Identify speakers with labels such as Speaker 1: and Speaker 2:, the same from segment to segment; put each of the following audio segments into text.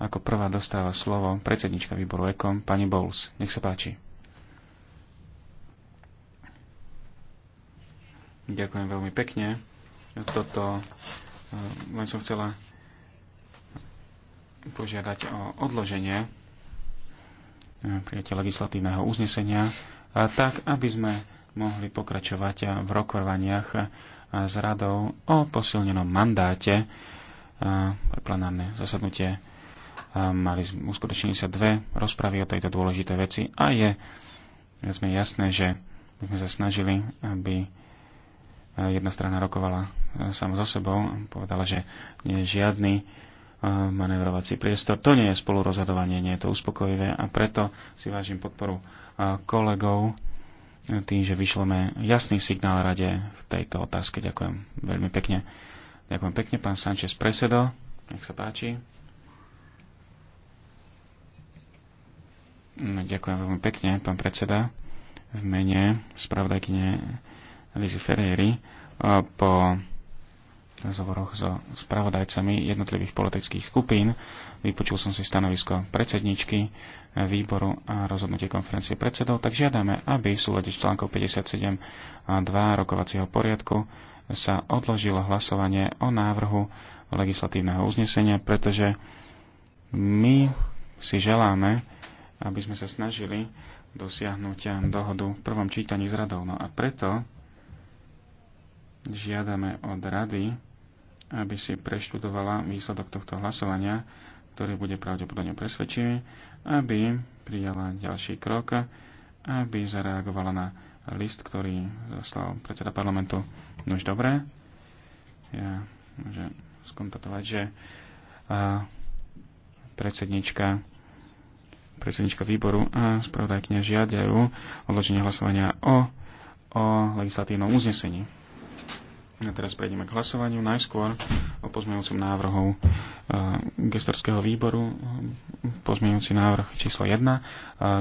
Speaker 1: Ako prvá dostáva slovo predsednička výboru EKOM, pani Bowles. Nech sa páči. Ďakujem veľmi pekne. Toto eh, len som chcela požiadať o odloženie eh, prijatia legislatívneho uznesenia, tak aby sme mohli pokračovať v rokovaniach eh, s radou o posilnenom mandáte pre plenárne zasadnutie mali, uskutočnili sa dve rozpravy o tejto dôležitej veci a je sme jasné, že my sme sa snažili, aby jedna strana rokovala e, sama so sebou, povedala, že nie je žiadny e, manevrovací priestor. To nie je spolurozhodovanie, nie je to uspokojivé a preto si vážim podporu e, kolegov tým, že vyšleme jasný signál rade v tejto otázke. Ďakujem veľmi pekne. Ďakujem pekne, pán Sanchez Presedo. Nech sa páči. No, ďakujem veľmi pekne, pán predseda. V mene spravodajkyne Lizy Ferreri po rozhovoroch so spravodajcami jednotlivých politických skupín. Vypočul som si stanovisko predsedničky výboru a rozhodnutie konferencie predsedov, tak žiadame, aby v súlade s článkom 57.2 rokovacieho poriadku sa odložilo hlasovanie o návrhu legislatívneho uznesenia, pretože my si želáme, aby sme sa snažili dosiahnuť dohodu v prvom čítaní s radou. No a preto žiadame od rady, aby si preštudovala výsledok tohto hlasovania, ktorý bude pravdepodobne presvedčivý, aby prijala ďalší krok, aby zareagovala na list, ktorý zaslal predseda parlamentu. No už dobré, ja môžem skontatovať, že predsednička predsednička výboru a spravodajkňa žiadajú odloženie hlasovania o, o legislatívnom uznesení. A teraz prejdeme k hlasovaniu. Najskôr o pozmeňujúcom návrhu e, gestorského výboru, pozmeňujúci návrh číslo 1. E,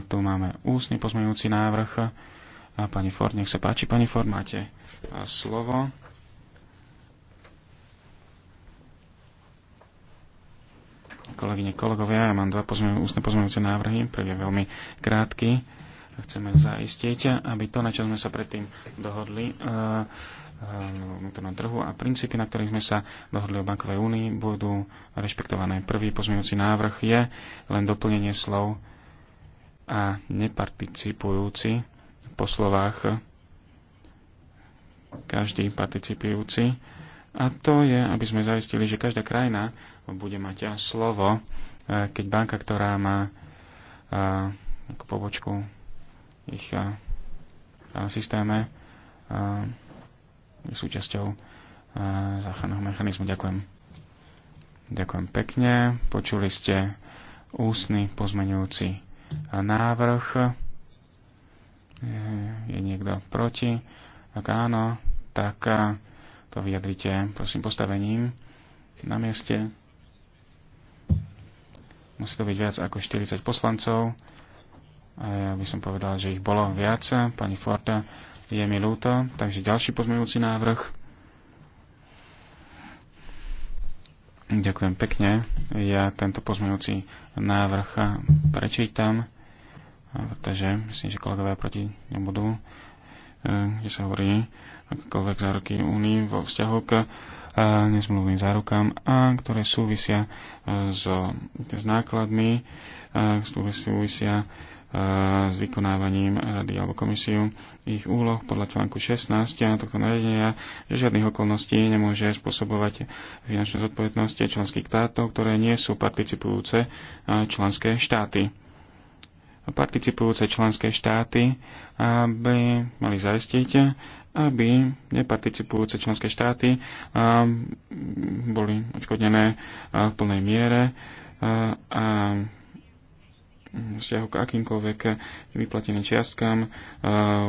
Speaker 1: tu máme ústny pozmeňujúci návrh. A pani Ford, nech sa páči. Pani Ford, máte e, slovo. kolegyne, kolegovia, ja mám dva pozmeň, ústne pozmeňujúce návrhy, prvý je veľmi krátky. Chceme zaistiť, aby to, na čo sme sa predtým dohodli, eh, eh, vnútornom trhu a princípy, na ktorých sme sa dohodli o bankovej únii, budú rešpektované. Prvý pozmeňujúci návrh je len doplnenie slov a neparticipujúci po slovách každý participujúci a to je, aby sme zaistili, že každá krajina bude mať slovo, e, keď banka, ktorá má e, ako pobočku ich e, systéme, súčasťou záchranného mechanizmu. Ďakujem. Ďakujem pekne. Počuli ste ústny pozmeňujúci návrh. Je niekto proti? Ak áno, tak to vyjadrite, prosím, postavením na mieste. Musí to byť viac ako 40 poslancov. A ja by som povedal, že ich bolo viac. Pani Forta, je mi ľúto. Takže ďalší pozmeňujúci návrh. Ďakujem pekne. Ja tento pozmeňujúci návrh prečítam, pretože myslím, že kolegovia proti nebudú, eh, kde sa hovorí akékoľvek záruky únii vo vzťahu k e, nezmluvným zárukám a ktoré súvisia e, s, e, s nákladmi, súvisia s vykonávaním rady alebo komisiu ich úloh podľa článku 16 tohto nariadenia, že žiadnych okolností nemôže spôsobovať finančné zodpovednosti členských štátov, ktoré nie sú participujúce členské štáty participujúce členské štáty, aby mali zaistiť, aby neparticipujúce členské štáty boli odškodnené v plnej miere a vzťahu k akýmkoľvek vyplateným čiastkám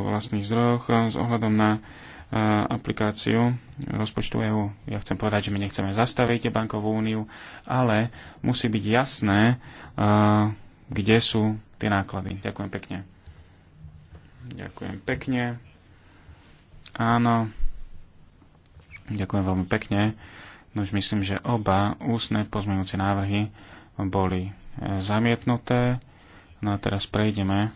Speaker 1: vlastných zdrojoch s ohľadom na aplikáciu rozpočtu EU. Ja chcem povedať, že my nechceme zastaviť bankovú úniu, ale musí byť jasné, kde sú tie náklady. Ďakujem pekne. Ďakujem pekne. Áno. Ďakujem veľmi pekne. No už myslím, že oba ústne pozmeňujúce návrhy boli e, zamietnuté. No a teraz prejdeme e,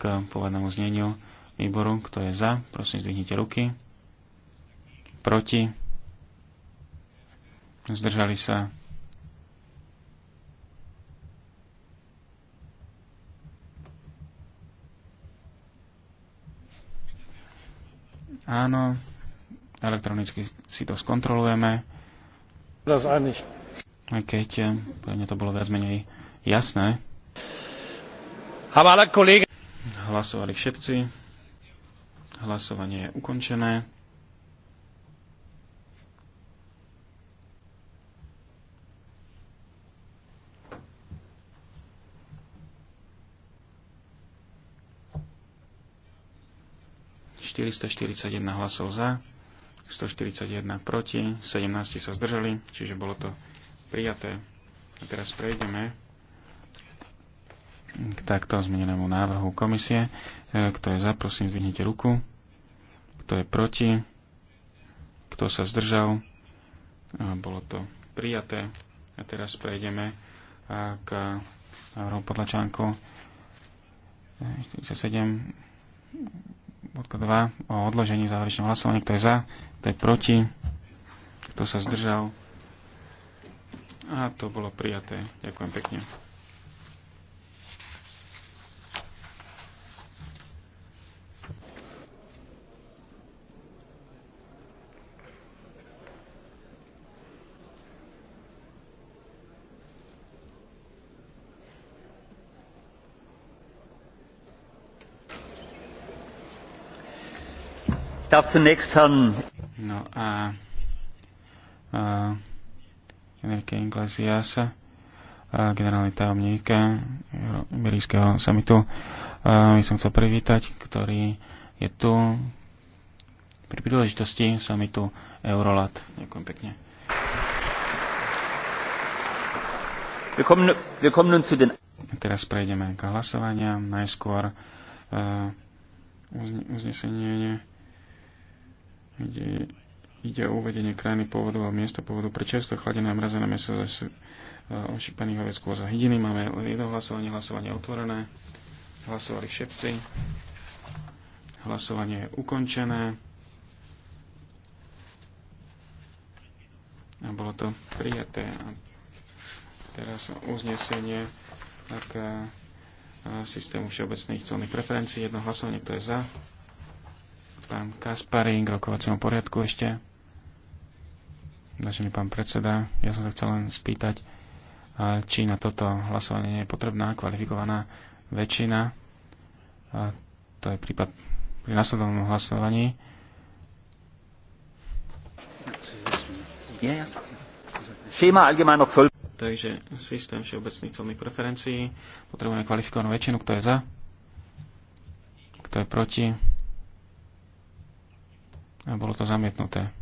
Speaker 1: k povednému zneniu výboru. Kto je za, prosím, zdvihnite ruky. Proti. Zdržali sa. Áno, elektronicky si to skontrolujeme. Aj keď eh, pre mňa to bolo viac menej jasné. Hlasovali všetci. Hlasovanie je ukončené. 441 hlasov za, 141 proti, 17 sa zdržali, čiže bolo to prijaté. A teraz prejdeme k takto zmenenému návrhu komisie. E, kto je za, prosím, zvihnite ruku. Kto je proti? Kto sa zdržal? Bolo to prijaté. A teraz prejdeme e, k návrhu podľa článku 47 e, bodka 2 o odložení záverečného hlasovania. Kto je za, kto je proti, kto sa zdržal. A to bolo prijaté. Ďakujem pekne. darf zunächst Herrn. No a, a Enrique Iglesias, generálny tajomník Iberijského samitu, by som chcel privítať, ktorý je tu pri príležitosti samitu Eurolat. Ďakujem pekne. Teraz prejdeme k hlasovaniam. Najskôr uh, uznesenie kde ide o uvedenie krajiny pôvodu a miesta pôvodu pre čerstvo chladené a mrazené meso z e, ošípaných ovec kôza hydiny. Máme len jedno hlasovanie, hlasovanie otvorené. Hlasovali všetci. Hlasovanie je ukončené. A bolo to prijaté. A teraz uznesenie e, systému všeobecných celných preferencií. Jedno hlasovanie, kto je za pán Kasparín k rokovaciemu poriadku ešte. Vážený pán predseda, ja som sa chcel len spýtať, či na toto hlasovanie nie je potrebná kvalifikovaná väčšina. A to je prípad pri následovnom hlasovaní. Takže systém všeobecných celných preferencií. Potrebujeme kvalifikovanú väčšinu. Kto je za? Kto je proti? a bolo to zamietnuté.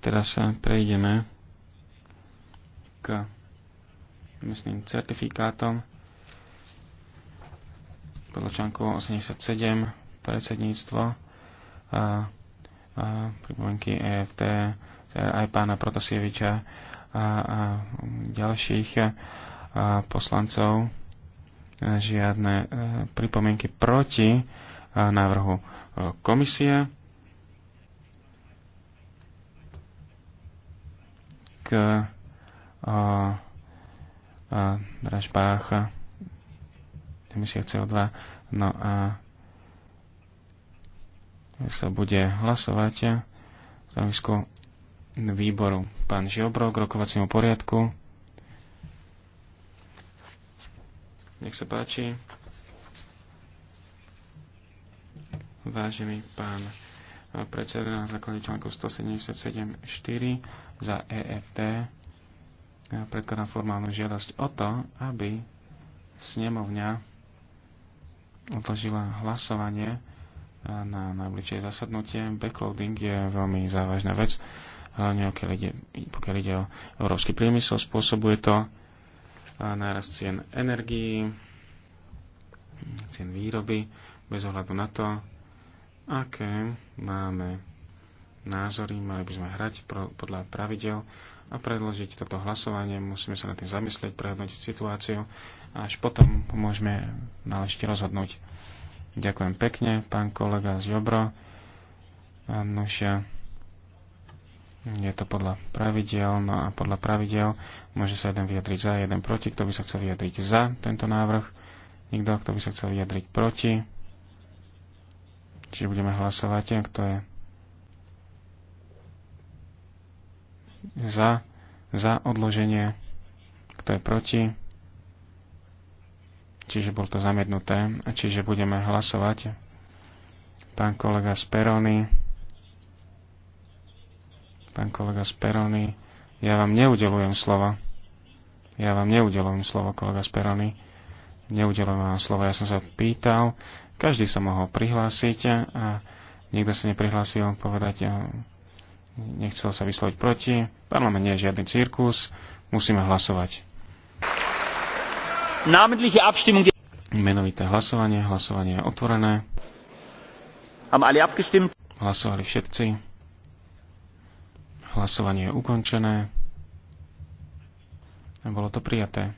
Speaker 1: Teraz sa prejdeme k myslím, certifikátom podľa článku 87 predsedníctvo a, a pripomienky EFT aj pána Protasieviča a, a ďalších a, poslancov žiadne e, pripomienky proti návrhu e, komisie. o, o dražbách emisiách CO2. No a sa bude hlasovať v stanovisku výboru pán Žiobro k rokovaciemu poriadku. Nech sa páči. Vážený pán predseda, na základe článku 177.4 za EFT predkladám formálnu žiadosť o to, aby snemovňa odložila hlasovanie na najbližšie zasadnutie. Backloading je veľmi závažná vec, hlavne ide, pokiaľ ide o európsky priemysel, spôsobuje to nárast cien energií, cien výroby, bez ohľadu na to, aké máme názory, mali by sme hrať podľa pravidel a predložiť toto hlasovanie. Musíme sa na tým zamyslieť, prehodnotiť situáciu a až potom môžeme náležite rozhodnúť. Ďakujem pekne, pán kolega z Jobro. Nože, je to podľa pravidel, no a podľa pravidel môže sa jeden vyjadriť za, jeden proti. Kto by sa chcel vyjadriť za tento návrh? Nikto, kto by sa chcel vyjadriť proti? Čiže budeme hlasovať, kto je za, za odloženie, kto je proti. Čiže bol to zamietnuté. A čiže budeme hlasovať. Pán kolega Speroni. Pán kolega Speroni. Ja vám neudelujem slovo. Ja vám neudelujem slovo, kolega Speroni. Neudelujem vám slovo. Ja som sa pýtal. Každý sa mohol prihlásiť a nikto sa neprihlásil povedať nechcel sa vysloviť proti. Parlament nie je žiadny cirkus, musíme hlasovať. Menovité hlasovanie, hlasovanie je otvorené. Hlasovali všetci. Hlasovanie je ukončené. A bolo to prijaté.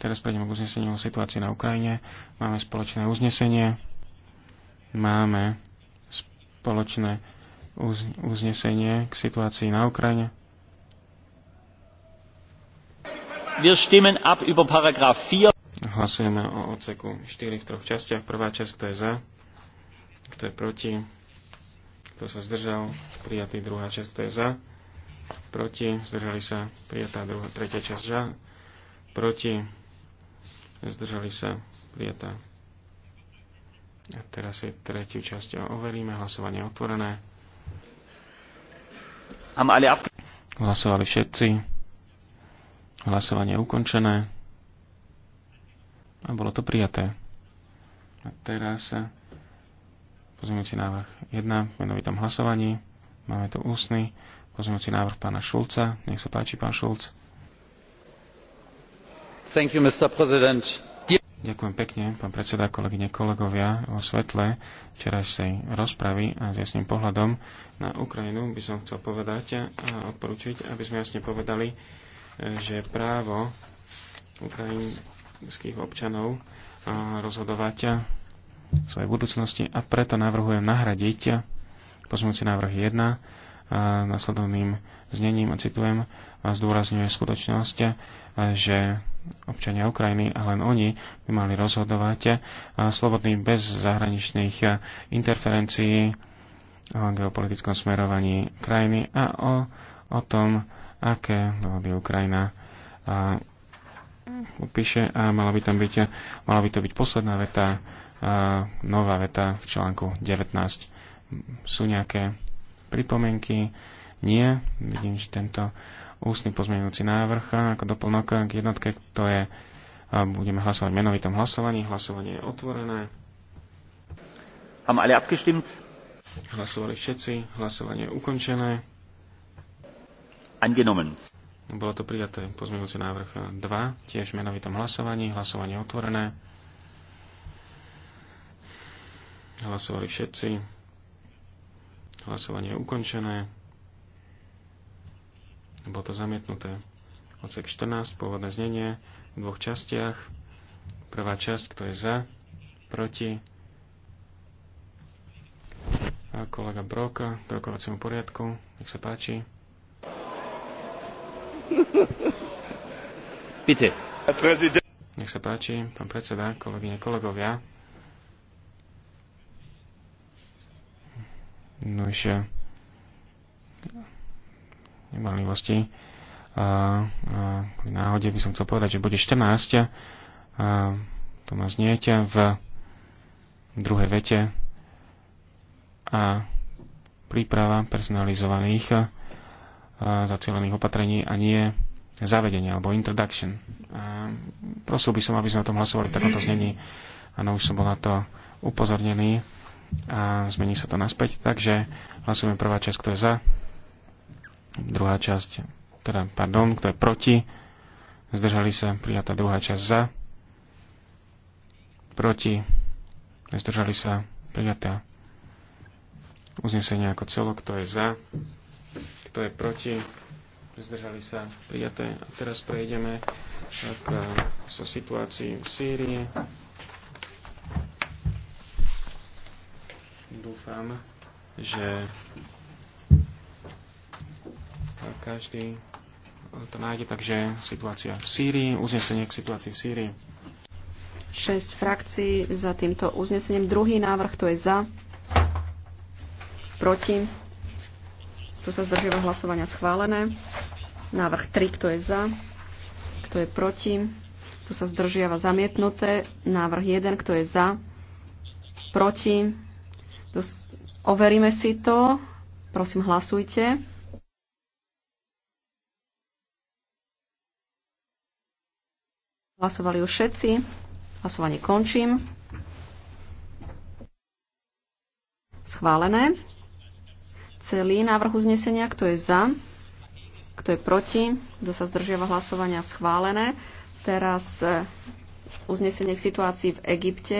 Speaker 1: Teraz prejdeme k uzneseniu o situácii na Ukrajine. Máme spoločné uznesenie. Máme spoločné uznesenie k situácii na Ukrajine. Wir stimmen ab über paragraf 4. Hlasujeme o odseku 4 v troch častiach. Prvá časť, kto je za, kto je proti, kto sa zdržal, prijatý druhá časť, kto je za, proti, zdržali sa, prijatá druhá, tretia časť za, proti, zdržali sa, prijatá a teraz je tretiu časť. Overíme hlasovanie otvorené. Hlasovali všetci. Hlasovanie je ukončené. A bolo to prijaté. A teraz eh, pozmeňujúci návrh 1, menovitom hlasovaní. Máme tu ústny pozmeňujúci návrh pána Šulca. Nech sa páči, pán Šulc.
Speaker 2: Thank you, Mr. President.
Speaker 1: Ďakujem pekne, pán predseda, kolegyne, kolegovia. O svetle včerajšej rozpravy a s jasným pohľadom na Ukrajinu by som chcel povedať a odporúčiť, aby sme jasne povedali, e, že právo ukrajinských občanov e, rozhodovať v svojej budúcnosti a preto navrhujem nahradiť pozmúci návrh 1 nasledovným znením, a citujem, a zdôrazňuje skutočnosť, že občania Ukrajiny a len oni by mali rozhodovať slobodný bez zahraničných interferencií o geopolitickom smerovaní krajiny a o, o tom, aké by Ukrajina a, upíše a mala by, tam byť, mala by to byť posledná veta, a, nová veta v článku 19. Sú nejaké pripomienky? Nie. Vidím, že tento ústny pozmeňujúci návrh ako doplnok k jednotke, to je budeme hlasovať menovitom hlasovaní. Hlasovanie je otvorené. Haben alle abgestimmt? Hlasovali všetci. Hlasovanie je ukončené. Angenommen. Bolo to prijaté pozmeňujúci návrh 2, tiež v menovitom hlasovaní. Hlasovanie je otvorené. Hlasovali všetci. Hlasovanie je ukončené. Bolo to zamietnuté. Odsek 14, pôvodné znenie, v dvoch častiach. Prvá časť, kto je za, proti. A kolega Broka, k poriadku, nech sa páči. Nech sa páči, pán predseda, kolegyne, kolegovia No a, a K náhode by som chcel povedať, že bude 14 a, to ma znieťa v druhej vete a príprava personalizovaných a, zacielených opatrení a nie zavedenie alebo introduction. A prosil by som, aby sme o tom hlasovali v takomto znení. Áno, už som bol na to upozornený a zmení sa to naspäť. Takže hlasujeme prvá časť, kto je za, druhá časť, teda, pardon, kto je proti, zdržali sa, prijatá druhá časť za, proti, zdržali sa, prijatá uznesenie ako celo, kto je za, kto je proti, zdržali sa prijaté. A teraz prejdeme k so situácii v Sýrii. Dúfam, že každý to nájde, takže situácia v Sýrii, uznesenie k situácii v Sýrii.
Speaker 2: 6 frakcií za týmto uznesením. Druhý návrh, to je za, proti, tu sa zdržíva hlasovania schválené. Návrh 3, kto je za, kto je proti, tu sa zdržiava zamietnuté. Návrh 1, kto je za, proti, Overíme si to. Prosím, hlasujte. Hlasovali už všetci. Hlasovanie končím. Schválené. Celý návrh uznesenia, kto je za, kto je proti, kto sa zdržiava hlasovania, schválené. Teraz eh, uznesenie k situácii v Egypte.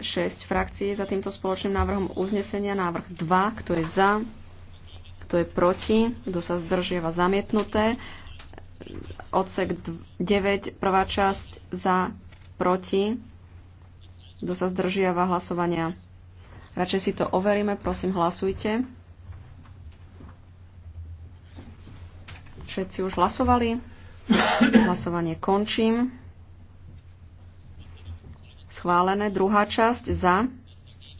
Speaker 2: 6 frakcií za týmto spoločným návrhom uznesenia. Návrh 2, kto je za, kto je proti, kto sa zdržiava zamietnuté. Odsek 9, prvá časť za, proti, kto sa zdržiava hlasovania. Radšej si to overíme, prosím hlasujte. Všetci už hlasovali. Hlasovanie končím schválené. Druhá časť za,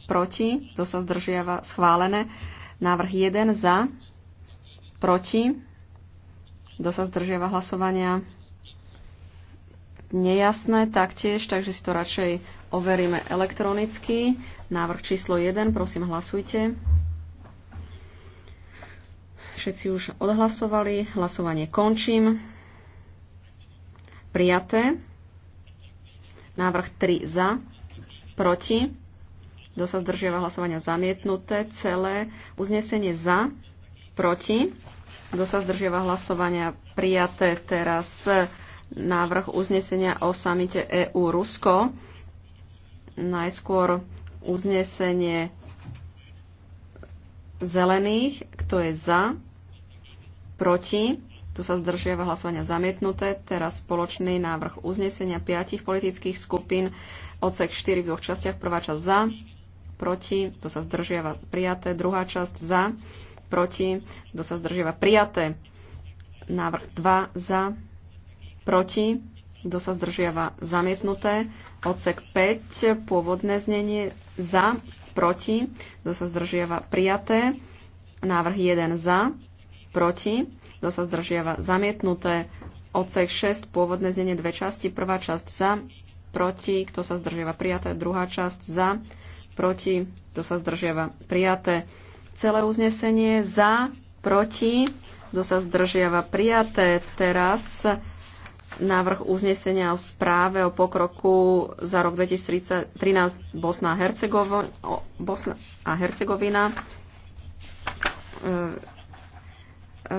Speaker 2: proti, kto sa zdržiava, schválené. Návrh 1 za, proti, kto sa zdržiava hlasovania, nejasné taktiež, takže si to radšej overíme elektronicky. Návrh číslo 1, prosím hlasujte. Všetci už odhlasovali, hlasovanie končím. Prijaté. Návrh 3 za, proti, kto sa zdržiava hlasovania zamietnuté, celé uznesenie za, proti, kto sa zdržiava hlasovania prijaté teraz návrh uznesenia o samite EU-Rusko. Najskôr uznesenie zelených, kto je za, proti, tu sa zdržiava hlasovania zamietnuté. Teraz spoločný návrh uznesenia piatich politických skupín. Odsek 4 v dvoch častiach. Prvá časť za, proti. Tu sa zdržiava prijaté. Druhá časť za, proti. Tu sa zdržiava prijaté. Návrh 2 za, proti. Kto sa zdržiava zamietnuté. Odsek 5, pôvodné znenie za, proti. Kto sa zdržiava prijaté. Návrh 1 za, proti kto sa zdržiava zamietnuté. Odsek 6, pôvodné znenie dve časti, prvá časť za, proti, kto sa zdržiava prijaté, druhá časť za, proti, kto sa zdržiava prijaté. Celé uznesenie za, proti, kto sa zdržiava prijaté. Teraz návrh uznesenia o správe o pokroku za rok 2013 Bosna a Hercegovina. Bosna a Hercegovina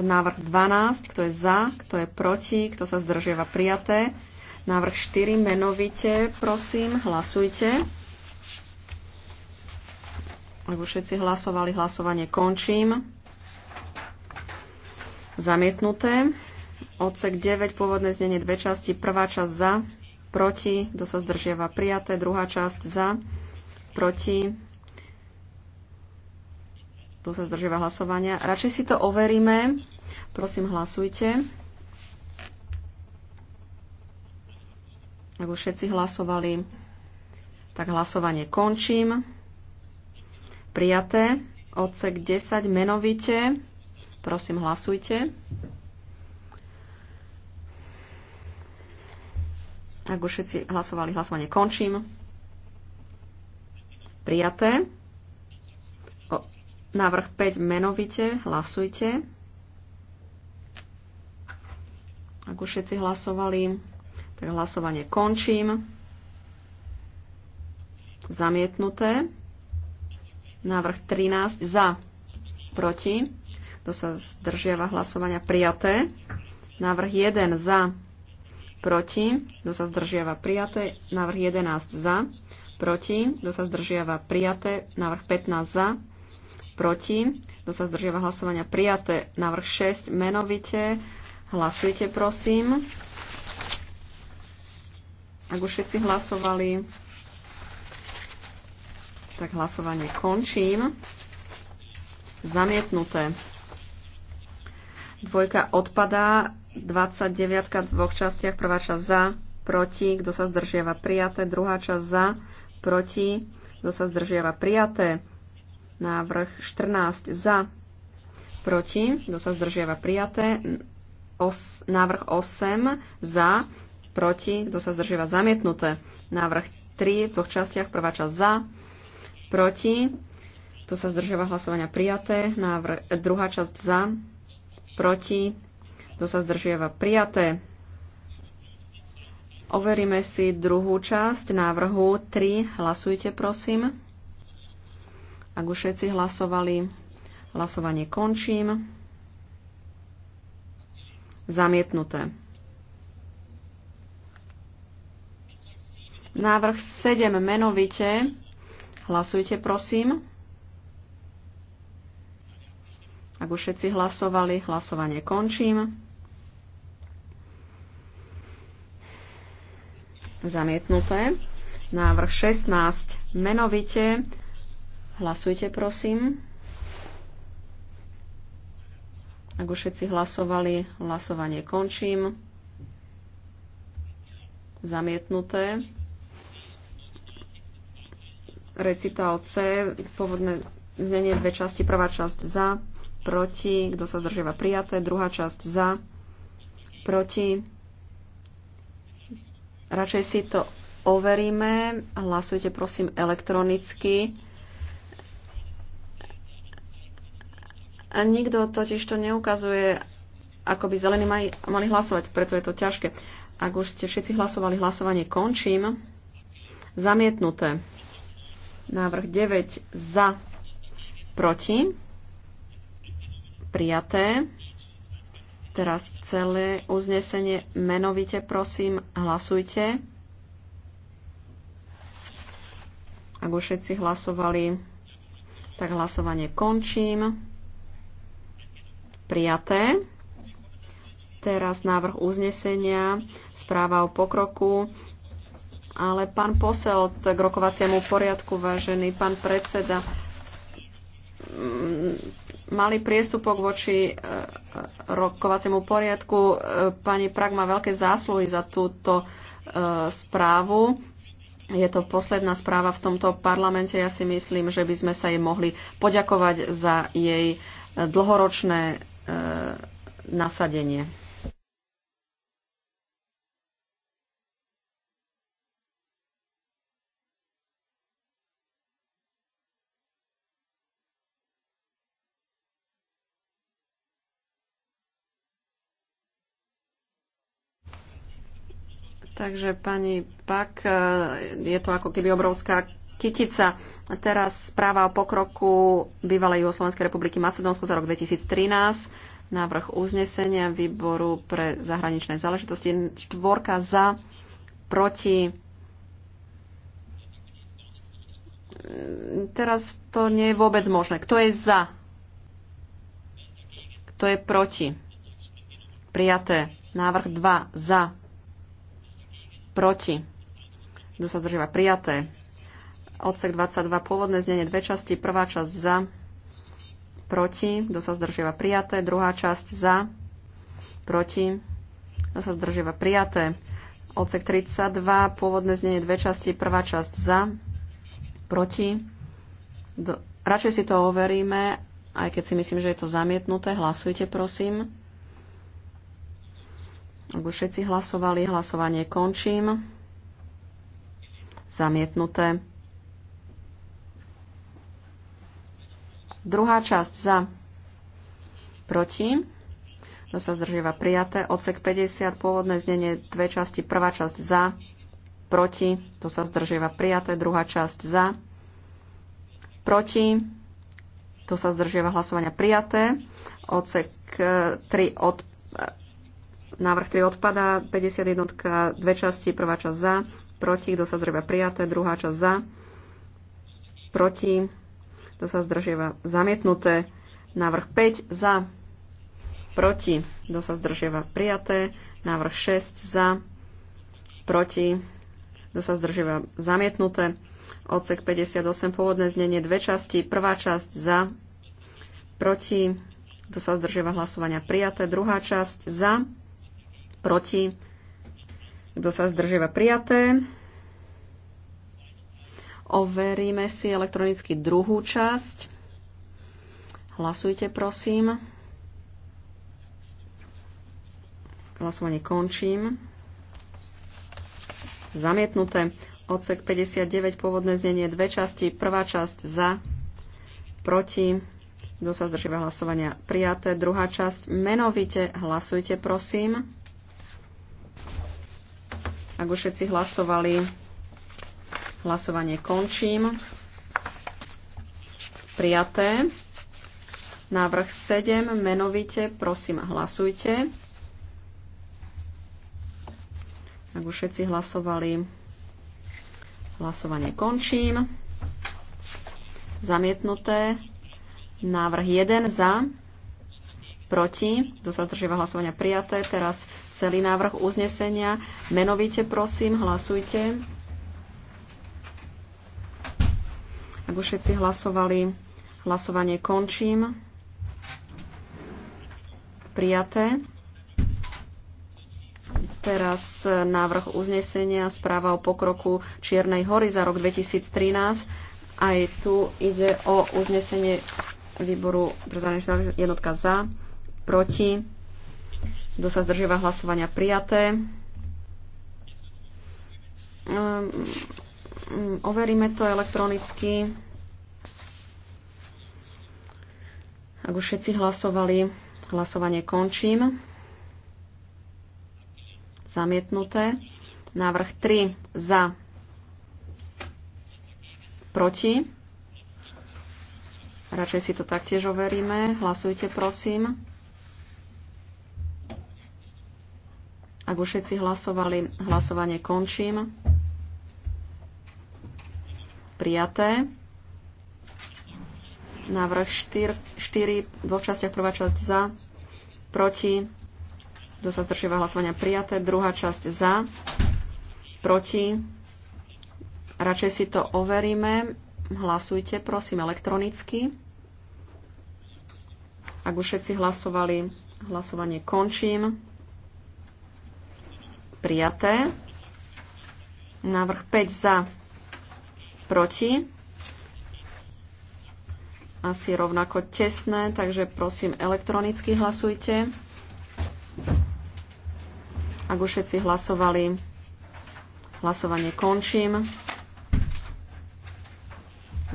Speaker 2: Návrh 12, kto je za, kto je proti, kto sa zdržiava prijaté. Návrh 4, menovite, prosím, hlasujte. Ak už všetci hlasovali, hlasovanie končím. Zamietnuté. Odsek 9, pôvodné znenie dve časti. Prvá časť za, proti, kto sa zdržiava prijaté. Druhá časť za, proti, kto sa zdržíva hlasovania? Radšej si to overíme. Prosím, hlasujte. Ak už všetci hlasovali, tak hlasovanie končím. Prijaté. Odsek 10 menovite. Prosím, hlasujte. Ak už všetci hlasovali, hlasovanie končím. Prijaté. Návrh 5 menovite. Hlasujte. Ak už všetci hlasovali, tak hlasovanie končím. Zamietnuté. Návrh 13 za. Proti. To sa zdržiava hlasovania? Prijaté. Návrh 1 za. Proti. To sa zdržiava? Prijaté. Návrh 11 za. Proti. To sa zdržiava? Prijaté. Návrh 15 za proti, kto sa zdržiava hlasovania prijaté, návrh 6 menovite, hlasujte prosím. Ak už všetci hlasovali, tak hlasovanie končím. Zamietnuté. Dvojka odpadá, 29 v dvoch častiach, prvá časť za, proti, kto sa zdržiava prijaté, druhá časť za, proti, kto sa zdržiava prijaté. Návrh 14 za, proti, kto sa zdržiava prijaté. Os, návrh 8 za, proti, kto sa zdržiava zamietnuté. Návrh 3 v dvoch častiach, prvá časť za, proti, kto sa zdržiava hlasovania prijaté. Návrh, eh, druhá časť za, proti, kto sa zdržiava prijaté. Overíme si druhú časť návrhu 3. Hlasujte, prosím. Ak už všetci hlasovali, hlasovanie končím. Zamietnuté. Návrh 7 menovite. Hlasujte, prosím. Ak už všetci hlasovali, hlasovanie končím. Zamietnuté. Návrh 16 menovite. Hlasujte, prosím. Ak už všetci hlasovali, hlasovanie končím. Zamietnuté. Recital C, pôvodné znenie dve časti. Prvá časť za, proti, kto sa zdržiava prijaté. Druhá časť za, proti. Radšej si to overíme. Hlasujte prosím elektronicky. A nikto totiž to neukazuje, ako by zelení mali, mali hlasovať, preto je to ťažké. Ak už ste všetci hlasovali, hlasovanie končím. Zamietnuté. Návrh 9 za, proti. Prijaté. Teraz celé uznesenie menovite, prosím, hlasujte. Ak už všetci hlasovali, tak hlasovanie končím. Prijaté. Teraz návrh uznesenia, správa o pokroku. Ale pán posel k rokovaciemu poriadku, vážený pán predseda, mm, mali priestupok voči e, e, rokovaciemu poriadku. E, pani Prag má veľké zásluhy za túto správu. Je to posledná správa v tomto parlamente. Ja si myslím, že by sme sa jej mohli poďakovať za jej dlhoročné e, nasadenie. Takže pani Pak, e, je to ako keby obrovská Kytica. A teraz správa o pokroku bývalej Jugoslovenskej republiky Macedónsku za rok 2013. Návrh uznesenia výboru pre zahraničné záležitosti. Štvorka za, proti. Teraz to nie je vôbec možné. Kto je za? Kto je proti? Prijaté. Návrh 2 za. Proti. Kto sa zdržíva? Prijaté. Odsek 22, pôvodné znenie, dve časti. Prvá časť za, proti, kto sa zdržieva prijaté. Druhá časť za, proti, kto sa zdržieva prijaté. Odsek 32, pôvodné znenie, dve časti. Prvá časť za, proti. Do, radšej si to overíme, aj keď si myslím, že je to zamietnuté. Hlasujte, prosím. Ak už všetci hlasovali, hlasovanie končím. Zamietnuté. Druhá časť za, proti, To sa zdržíva prijaté. Odsek 50, pôvodné znenie, dve časti, prvá časť za, proti, to sa zdržíva prijaté, druhá časť za, proti, to sa zdržíva hlasovania prijaté, odsek 3 e, od, e, návrh 3 odpada, 51, dve časti, prvá časť za, proti, kto sa zdržiava prijaté, druhá časť za, proti, kto sa zdržiava? Zamietnuté. Návrh 5 za. Proti. Kto sa zdržiava? Prijaté. Návrh 6 za. Proti. Kto sa zdržiava? Zamietnuté. Odsek 58. Pôvodné znenie. Dve časti. Prvá časť za. Proti. Kto sa zdržiava hlasovania? Prijaté. Druhá časť za. Proti. Kto sa zdržiava? Prijaté. Overíme si elektronicky druhú časť. Hlasujte, prosím. Hlasovanie končím. Zamietnuté. Odsek 59, pôvodné znenie, dve časti. Prvá časť za, proti, kto sa zdržíva hlasovania prijaté. Druhá časť, menovite hlasujte, prosím. Ak už všetci hlasovali, Hlasovanie končím. Prijaté. Návrh 7. Menovite. Prosím, hlasujte. Ak už všetci hlasovali, hlasovanie končím. Zamietnuté. Návrh 1 za. Proti. Kto sa zdržíva hlasovania prijaté. Teraz celý návrh uznesenia. Menovite prosím, hlasujte. Ak už všetci hlasovali, hlasovanie končím. Prijaté. Teraz návrh uznesenia správa o pokroku Čiernej hory za rok 2013. Aj tu ide o uznesenie výboru pre jednotka za, proti. Kto sa zdržíva hlasovania prijaté? Ehm, Mm, overíme to elektronicky. Ak už všetci hlasovali, hlasovanie končím. Zamietnuté. Návrh 3 za. Proti. Radšej si to taktiež overíme. Hlasujte, prosím. Ak už všetci hlasovali, hlasovanie končím prijaté. Návrh 4, 4 v dvoch častiach, prvá časť za, proti, kto sa zdržíva hlasovania prijaté, druhá časť za, proti. Radšej si to overíme. Hlasujte, prosím, elektronicky. Ak už všetci hlasovali, hlasovanie končím. Prijaté. Návrh 5 za, proti. Asi rovnako tesné, takže prosím elektronicky hlasujte. Ak už všetci hlasovali, hlasovanie končím.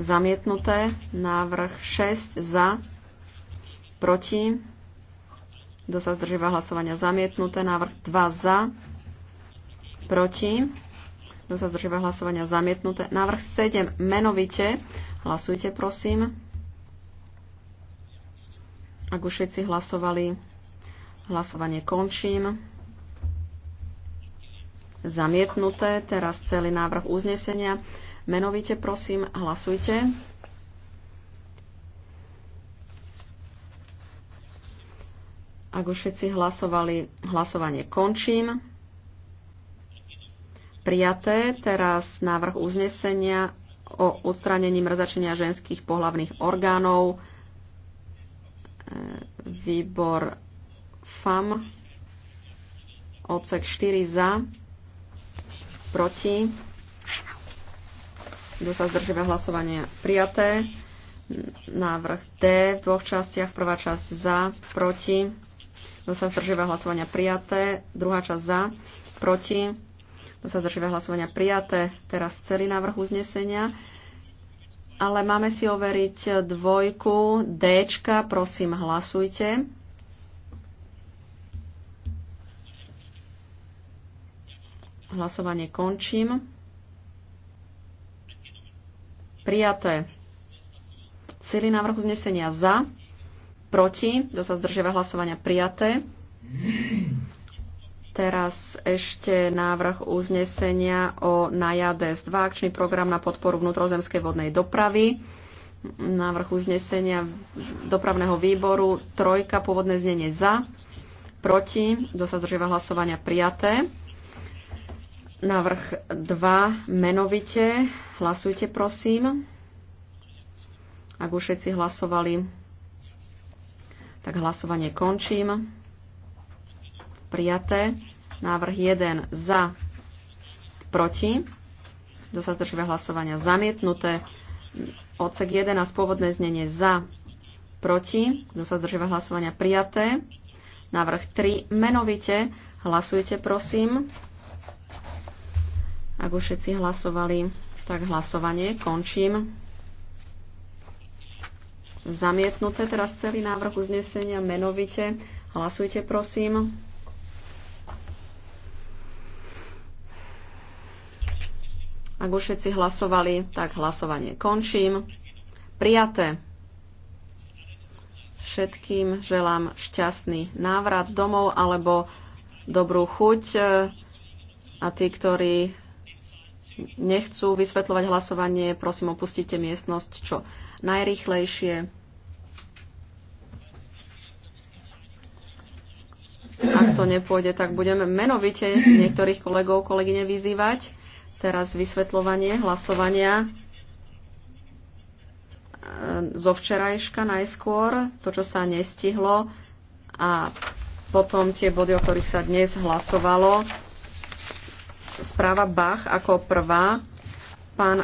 Speaker 2: Zamietnuté. Návrh 6 za, proti. Kto sa zdržíva hlasovania? Zamietnuté. Návrh 2 za, proti. Kto sa zdržíva hlasovania? Zamietnuté. Návrh 7. Menovite. Hlasujte, prosím. Ak už všetci hlasovali, hlasovanie končím. Zamietnuté. Teraz celý návrh uznesenia. Menovite, prosím, hlasujte. Ak už všetci hlasovali, hlasovanie končím prijaté. Teraz návrh uznesenia o odstránení mrzačenia ženských pohlavných orgánov. E, výbor FAM. Odsek 4 za. Proti. Kto sa zdržíva hlasovania? Prijaté. Návrh D v dvoch častiach. Prvá časť za, proti. Kto sa zdržíva hlasovania? Prijaté. Druhá časť za, proti to sa zdržíva hlasovania prijaté. Teraz celý návrh uznesenia. Ale máme si overiť dvojku D. Prosím, hlasujte. Hlasovanie končím. Prijaté. Celý návrh uznesenia za. Proti. Kto sa zdržiava hlasovania prijaté. Teraz ešte návrh uznesenia o NAJADES 2, akčný program na podporu vnútrozemskej vodnej dopravy. Návrh uznesenia dopravného výboru trojka, pôvodné znenie za, proti, kto sa zdržíva hlasovania prijaté. Návrh 2 menovite. Hlasujte prosím. Ak už všetci hlasovali, tak hlasovanie končím prijaté. Návrh 1 za, proti. Kto sa zdržuje hlasovania? Zamietnuté. Odsek 1 a spôvodné znenie za, proti. Kto sa zdržuje hlasovania? Prijaté. Návrh 3 menovite. Hlasujte prosím. Ak už všetci hlasovali, tak hlasovanie končím. Zamietnuté teraz celý návrh uznesenia menovite. Hlasujte prosím. Ak už všetci hlasovali, tak hlasovanie končím. Prijaté. Všetkým želám šťastný návrat domov alebo dobrú chuť. A tí, ktorí nechcú vysvetľovať hlasovanie, prosím opustite miestnosť čo najrychlejšie. Ak to nepôjde, tak budeme menovite niektorých kolegov, kolegyne vyzývať. Teraz vysvetľovanie hlasovania eh, zo včerajška najskôr, to, čo sa nestihlo a potom tie body, o ktorých sa dnes hlasovalo. Správa Bach ako prvá. Pán